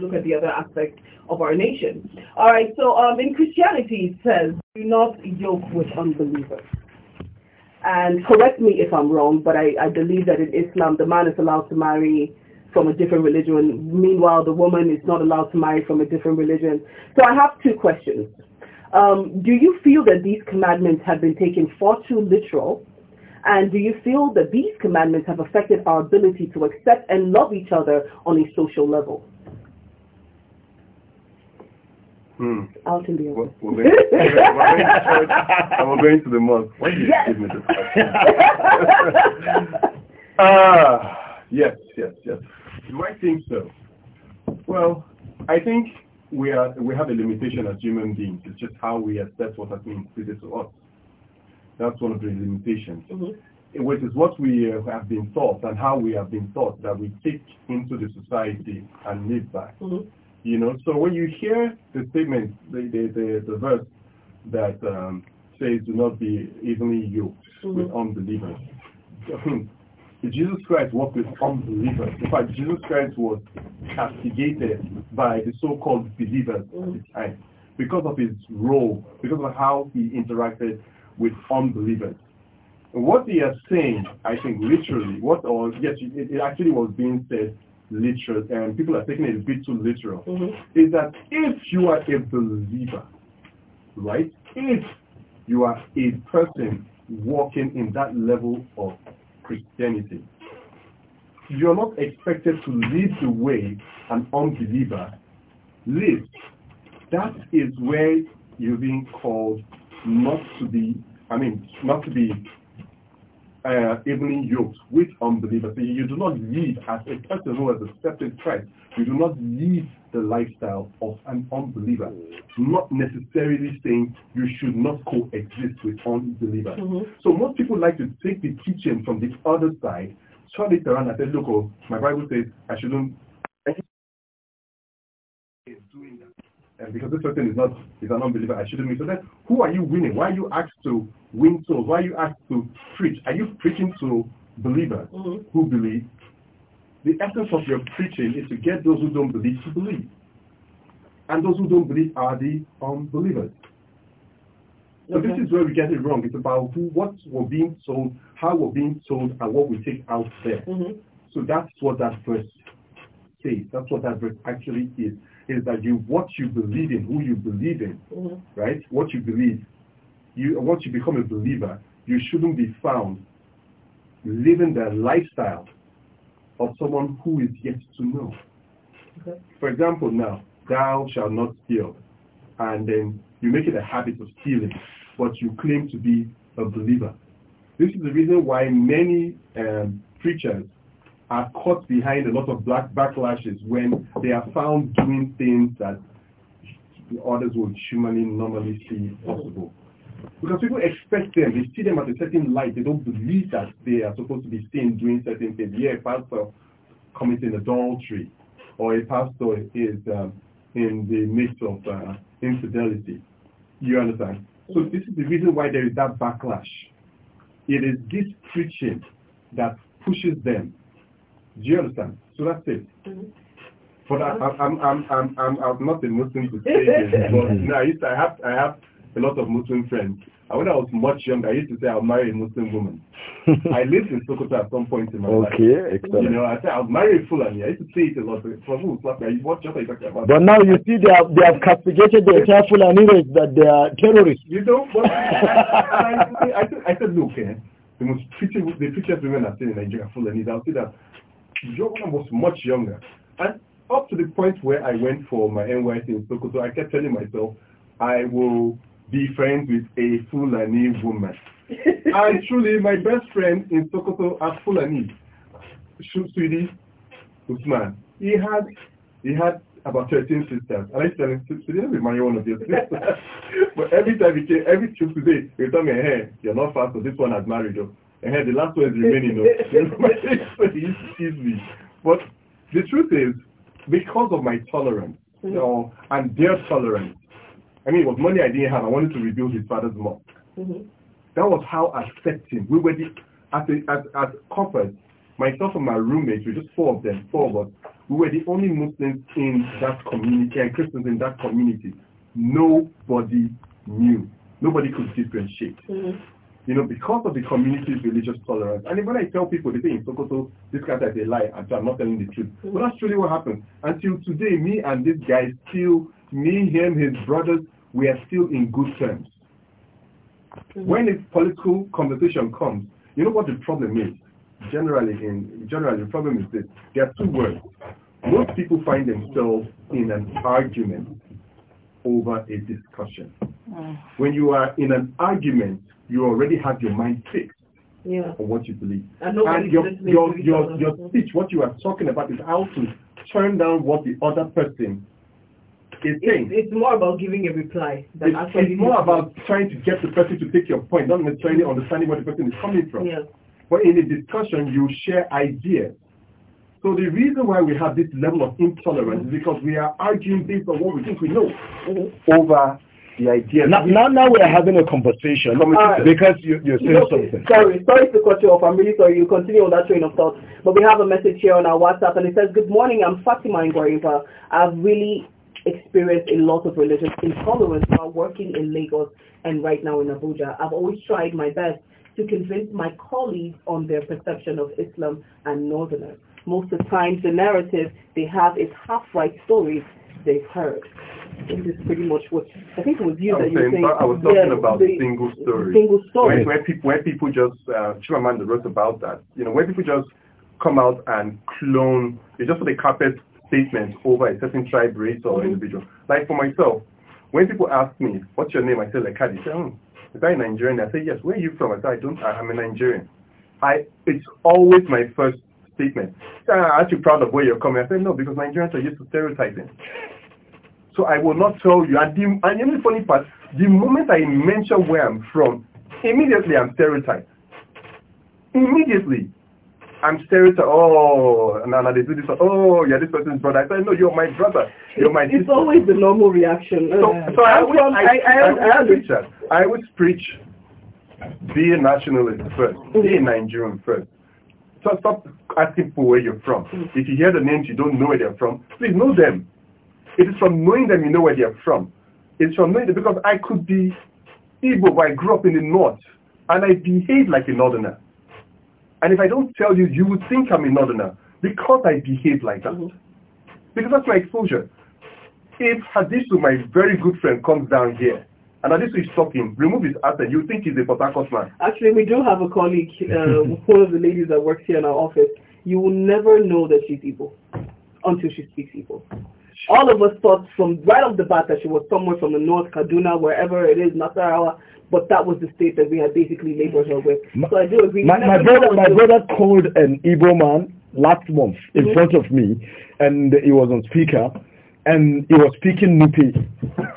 look at the other aspect of our nation. All right, so um, in Christianity it says, do not yoke with unbelievers. And correct me if I'm wrong, but I, I believe that in Islam the man is allowed to marry from a different religion. Meanwhile, the woman is not allowed to marry from a different religion. So I have two questions. Um, do you feel that these commandments have been taken far too literal? And do you feel that these commandments have affected our ability to accept and love each other on a social level? Mm. Out in the open. We're, going, we're, going to the mosque. Why did yes. you give me this Ah, yes, yes, yes. Do I think so? Well, I think we are we have a limitation as human beings. It's just how we assess what has been included to us. That's one of the limitations. Mm -hmm which is what we uh, have been taught and how we have been taught that we take into the society and live by. Mm -hmm. You know, so when you hear the statement, the the the, the verse that um, says, "Do not be evenly yoked mm -hmm. with unbelievers," Jesus Christ walked with unbelievers. In fact, Jesus Christ was castigated by the so-called believers mm -hmm. at the mm-hmm. time because of his role, because of how he interacted with unbelievers. And what they are saying, I think, literally, what or yes, it, it actually was being said literal, and people are taking it a bit too literal, mm -hmm. is that if you are a believer, right, if you are a person walking in that level of Christianity, you're not expected to lead the way an unbeliever lives. That is where you're being called not to be, I mean, not to be uh, evening yokes with unbelievers. So you do not live as a person who has accepted Christ. You do not live the lifestyle of an unbeliever. Not necessarily saying you should not coexist with unbelievers. Mm -hmm. So most people like to take the teaching from the other side, turn it around and say, look, oh, my Bible says I shouldn't and because this person is not is an unbeliever, I shouldn't be. So then, who are you winning? Why are you asked to win souls? Why are you asked to preach? Are you preaching to believers mm -hmm. who believe? The essence of your preaching is to get those who don't believe to believe, and those who don't believe are the unbelievers. So okay. this is where we get it wrong. It's about who, what we're being told, how we're being told, and what we take out there. Mm -hmm. So that's what that verse says. That's what that verse actually is is that you what you believe in, who you believe in, mm -hmm. right? What you believe, you once you become a believer, you shouldn't be found living the lifestyle of someone who is yet to know. Okay. For example, now thou shalt not steal, and then you make it a habit of stealing, but you claim to be a believer. This is the reason why many um, preachers are caught behind a lot of black backlashes when they are found doing things that others would humanly normally see possible. Because people expect them, they see them at a certain light, they don't believe that they are supposed to be seen doing certain things. Yeah, a pastor committing adultery, or a pastor is um, in the midst of uh, infidelity. You understand? So mm-hmm. this is the reason why there is that backlash. It is this preaching that pushes them do you understand? So that's it. For that, But I, am I'm, I'm, I'm, I'm, not a Muslim to say this, but you I, used to, I, have, I have a lot of Muslim friends. And when I was much younger, I used to say I'll marry a Muslim woman. I lived in Sokoto at some point in my okay, life. Okay, excellent. You know, I said I'll marry a Fulani. I used to say it a lot. Fulani Fulani, what are you talking about? But now you see they have, they have castigated the entire Fulani race that they are terrorists. You know, but I, I, I, said, I said, look, eh, the most pretty, the prettiest women I've seen in Nigeria, Fulani, I'll say that Joachim was much younger. And up to the point where I went for my NYC in Sokoto, I kept telling myself, I will be friends with a Fulani woman. and truly, my best friend in Sokoto at Fulani, Swedish Usman, he had, he had about 13 sisters. And I used to tell him, today I'll be marrying one of your sisters. but every time he came, every Tuesday, he would tell me, hey, you're not fast, so this one has married you. Eh, the last one is remaining. Excuse me. But the truth is, because of my tolerance, you mm-hmm. know, and their tolerance, I mean, it was money I didn't have. I wanted to rebuild his father's mosque. Mm -hmm. That was how accepting. We were the, at, the, at, at Compass, myself and my roommates, we just four of them, four of us, we were the only Muslims in that community and Christians in that community. Nobody knew. Nobody could differentiate. Mm -hmm you know, because of the community's religious tolerance. And when I tell people, they think in Sokoto, this guy is a lie, and so I'm not telling the truth. But that's truly what happened. Until today, me and this guy still, me, him, his brothers, we are still in good terms. Mm-hmm. When a political conversation comes, you know what the problem is? Generally, in generally, the problem is this. There are two words. Most people find themselves in an argument over a discussion. Mm. When you are in an argument, you already have your mind fixed yeah. on what you believe. And, and your, your, your, your speech, what you are talking about is how to turn down what the other person is saying. It's, it's more about giving a reply. Than it's, it's more about trying to get the person to take your point, not necessarily understanding where the person is coming from. Yeah. But in a discussion, you share ideas. So the reason why we have this level of intolerance mm -hmm. is because we are arguing based on what we think we know mm -hmm. over the idea. Now, now, now we are having a conversation uh, because you, you're saying okay. something. Sorry, sorry to cut you off. I'm really sorry. You continue on that train of thought. But we have a message here on our WhatsApp and it says, Good morning, I'm Fatima Ngwariba. I've really experienced a lot of religious intolerance while working in Lagos and right now in Abuja. I've always tried my best to convince my colleagues on their perception of Islam and Northerners. Most of the times the narrative they have is half-right stories they've heard. This is pretty much what I think it was you that you saying, saying. I was talking yeah, about the, single story. Single story. Where, where people, where people just uh, Chimamanda wrote about that. You know, where people just come out and clone. It's just for the carpet statement over a certain tribe, race, or mm -hmm. individual. Like for myself, when people ask me, "What's your name?" I say, "Like Kadi." Oh, is that a Nigerian? I say, "Yes." Where are you from? I say, "I don't. I, am a Nigerian." I. It's always my first statement. i ah, aren't you proud of where you're coming? I say, "No," because Nigerians are used to stereotyping so I will not tell you. And the, and the funny part, the moment I mention where I'm from, immediately I'm stereotyped. Immediately. I'm stereotyped. Oh, no, no, they do this. Oh, yeah, this person's brother. I said, no, you're my brother. You're my It's sister. always the normal reaction. So, so uh, I, always, I, I, preach I preach be a nationalist first. Be a Nigerian first. So stop asking for where you're from. Mm. If you hear the names, you don't know where they're from, please know them. It is from knowing them you know where they are from. It's from knowing them because I could be Igbo, but I grew up in the north and I behave like a northerner. And if I don't tell you, you would think I'm a northerner because I behave like that. Mm -hmm. Because that's my exposure. If Hadisu, my very good friend, comes down here and Hadisu is talking, remove his accent, you think he's a Port man. Actually, we do have a colleague, uh, one of the ladies that works here in our office. You will never know that she's Igbo until she speaks Igbo all of us thought from right off the bat that she was somewhere from the north, Kaduna, wherever it is, Nasarawa, but that was the state that we had basically labored her with. My, so I do agree. My, my brother, my brother called an Igbo man last month in mm -hmm. front of me, and he was on speaker, and he was speaking Nupi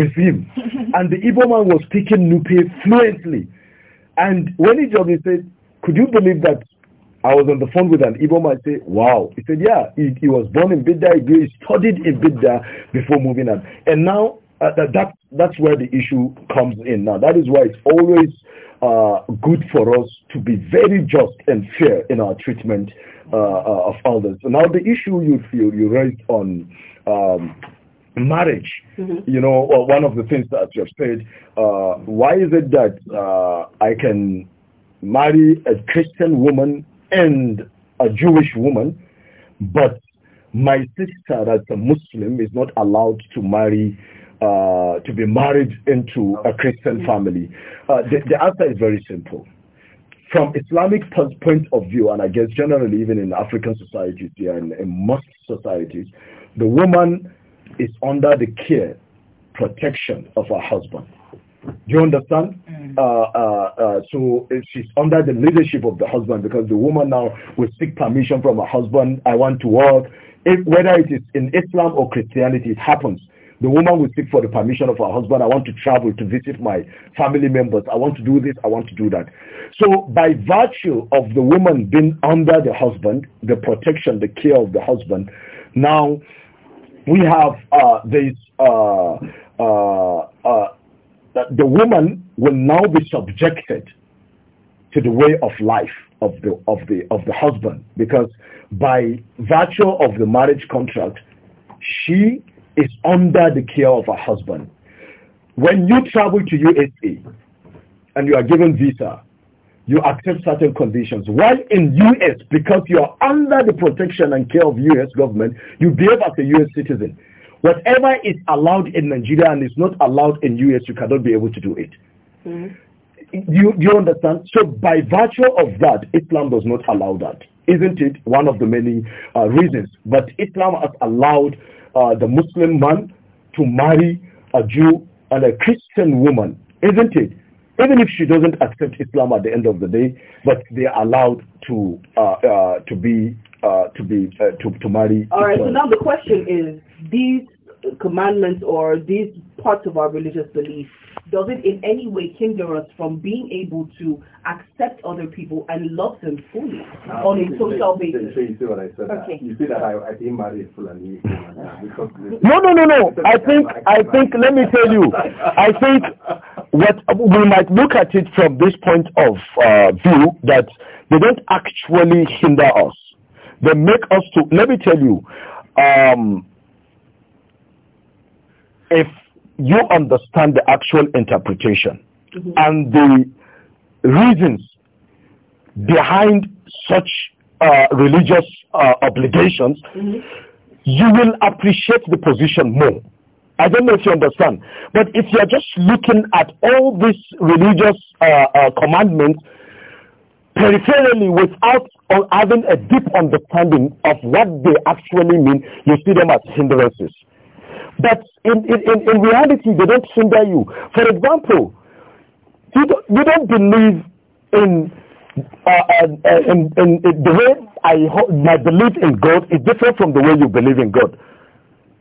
with him, and the Igbo man was speaking Nupi fluently, and when he joined, he said, "Could you believe that I was on the phone with an Ibom. man. I say, wow. He said, yeah, he, he was born in Bidda. He studied in Bidda before moving on. And now uh, that, that's where the issue comes in. Now, that is why it's always uh, good for us to be very just and fair in our treatment uh, uh of others. Now, the issue you, feel you raised on um, marriage, mm -hmm. you know, one of the things that you have said, uh, why is it that uh, I can marry a Christian woman and a Jewish woman, but my sister that's a Muslim is not allowed to marry, uh, to be married into a Christian family? Uh, the, the answer is very simple. From Islamic point of view, and I guess generally even in African societies and in most societies, the woman is under the care, protection of her husband. Do you understand? Mm. Uh, uh, uh, so she's under the leadership of the husband because the woman now will seek permission from her husband. I want to work. If, whether it is in Islam or Christianity, it happens. The woman will seek for the permission of her husband. I want to travel to visit my family members. I want to do this. I want to do that. So by virtue of the woman being under the husband, the protection, the care of the husband, now we have uh, this uh, uh, that the woman will now be subjected to the way of life of the of the of the husband because by virtue of the marriage contract she is under the care of her husband when you travel to USA and you are given visa you accept certain conditions while in US because you are under the protection and care of US government you behave as a US citizen Whatever is allowed in Nigeria and is not allowed in US, you cannot be able to do it. Mm. You, you understand? So by virtue of that, Islam does not allow that. Isn't it one of the many uh, reasons? But Islam has allowed uh, the Muslim man to marry a Jew and a Christian woman, isn't it? Even if she doesn't accept Islam at the end of the day, but they are allowed to uh, uh to be uh, to be uh, to to marry. All right. So now the question is: these commandments or these parts of our religious belief does it in any way hinder us from being able to accept other people and love them fully now, on a social basis? You see what I said? Uh, okay. You see that I, I didn't marry uh, because no, no, no, no. I think I think let me tell you, I think what we might look at it from this point of uh, view that they don't actually hinder us. They make us to, let me tell you, um, if you understand the actual interpretation mm -hmm. and the reasons behind such uh, religious uh, obligations, mm -hmm. you will appreciate the position more. I don't know if you understand, but if you're just looking at all these religious uh, uh commandments, peripherally without having a deep understanding of what they actually mean, you see them as hindrances. But in, in, in reality, they don't hinder you. For example, you don't, you don't believe in, uh, uh, in, in, in the way I, my belief in God is different from the way you believe in God.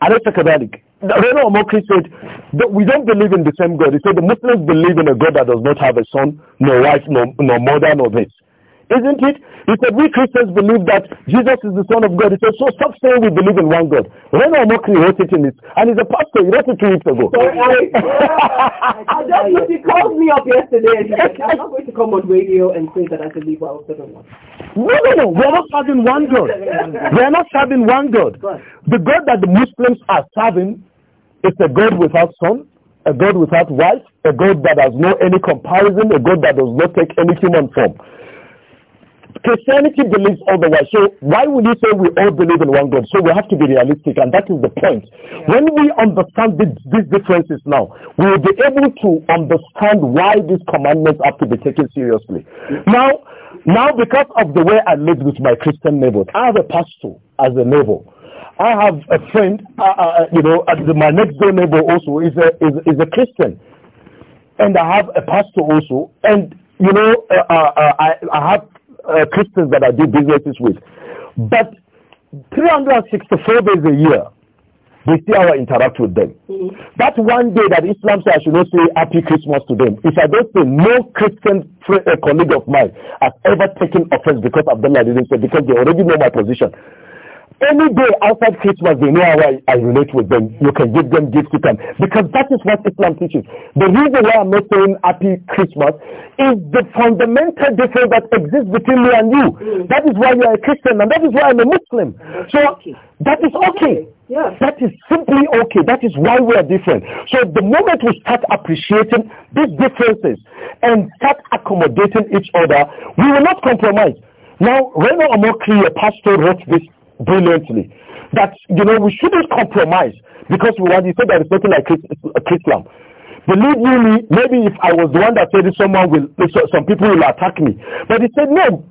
Alaysa kadalik. Reno Mokri said, we don't believe in the same God. He said the Muslims believe in a God that does not have a son, nor wife, nor mother, nor this. Isn't it? He said, we Christians believe that Jesus is the Son of God. He said, so stop saying we believe in one God. Reno Mokri wrote it in this. And he's a pastor. He wrote it two weeks ago. Sorry, I just, he called me up yesterday and he said, I'm not going to come on radio and say that I believe what I was serving one. No, no, no. We're not serving one God. We're not serving one God. The God that the Muslims are serving is a God without son, a God without wife, a God that has no any comparison, a God that does not take any human form. Christianity believes otherwise. So why would you say we all believe in one God? So we have to be realistic, and that is the point. Yeah. When we understand these differences now, we will be able to understand why these commandments have to be taken seriously. Now, now because of the way I live with my Christian neighbor, I have a pastor as a neighbor. I have a friend, uh, uh, uh you know, my next door neighbor also is a is, is a Christian, and I have a pastor also, and you know, uh, uh, uh I I have uh, Christians that I do businesses with. But 364 days a year, they still I interact with them. Mm. Mm-hmm. That one day that Islam says I should not say happy Christmas to them. If I don't say no Christian friend, uh, colleague of mine has ever taken offense because Abdullah didn't say because they already know my position any day outside Christmas, they know how I, I, relate with them. You can give them gifts, to them Because that is what Islam teaches. The reason why I'm not saying happy Christmas is the fundamental difference that exists between me and you. Mm. That is why you are a Christian and that is why I'm a Muslim. So okay. that is okay. Yeah. That is simply okay. That is why we are different. So the moment we start appreciating these differences and start accommodating each other, we will not compromise. Now, Reno Amokri, a pastor, wrote this brilliantly that you know we shouldn't compromise because we want to say that it's nothing like Islam. Believe me, maybe if I was the one that said it, someone will, some people will attack me. But he said, no,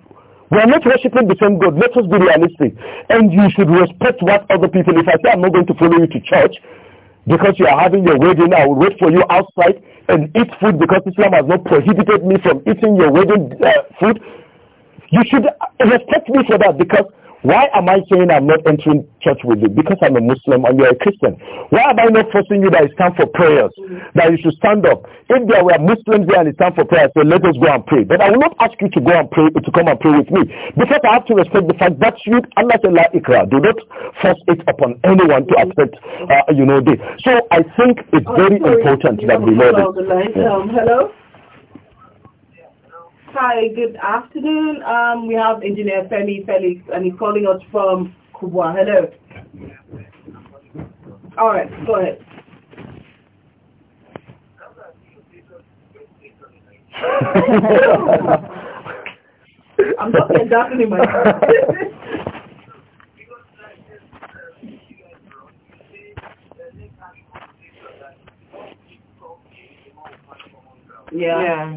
we are not worshiping the same God. Let us be realistic. And you should respect what other people, if I say I'm not going to follow you to church because you are having your wedding, I will wait for you outside and eat food because Islam has not prohibited me from eating your wedding uh, food. You should respect me for that because why am I saying I'm not entering church with you? Because I'm a Muslim and you're a Christian. Why am I not forcing you that it's time for prayers? That you should stand up. If there were Muslims there and it's time for prayers, so let us go and pray. But I will not ask you to go and pray, to come and pray with me. Because I have to respect the fact that you, Allah said, ikra, do not force it upon anyone to accept, uh, you know, this. So I think it's oh, very important that we know this. Yeah. Um, hello? Hi, good afternoon. Um, we have Engineer Femi Felix, and he's calling us from Kubwa. Hello. All right, go ahead. I'm not exactly my. yeah. yeah.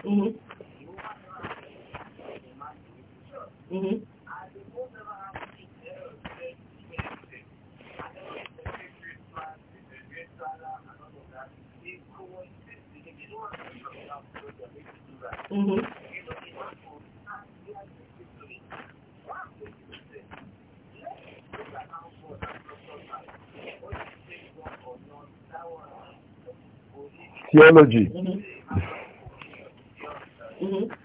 Mm-hmm. Mm-hmm. Mm-hmm. Theology. Mm-hmm. Mm-hmm.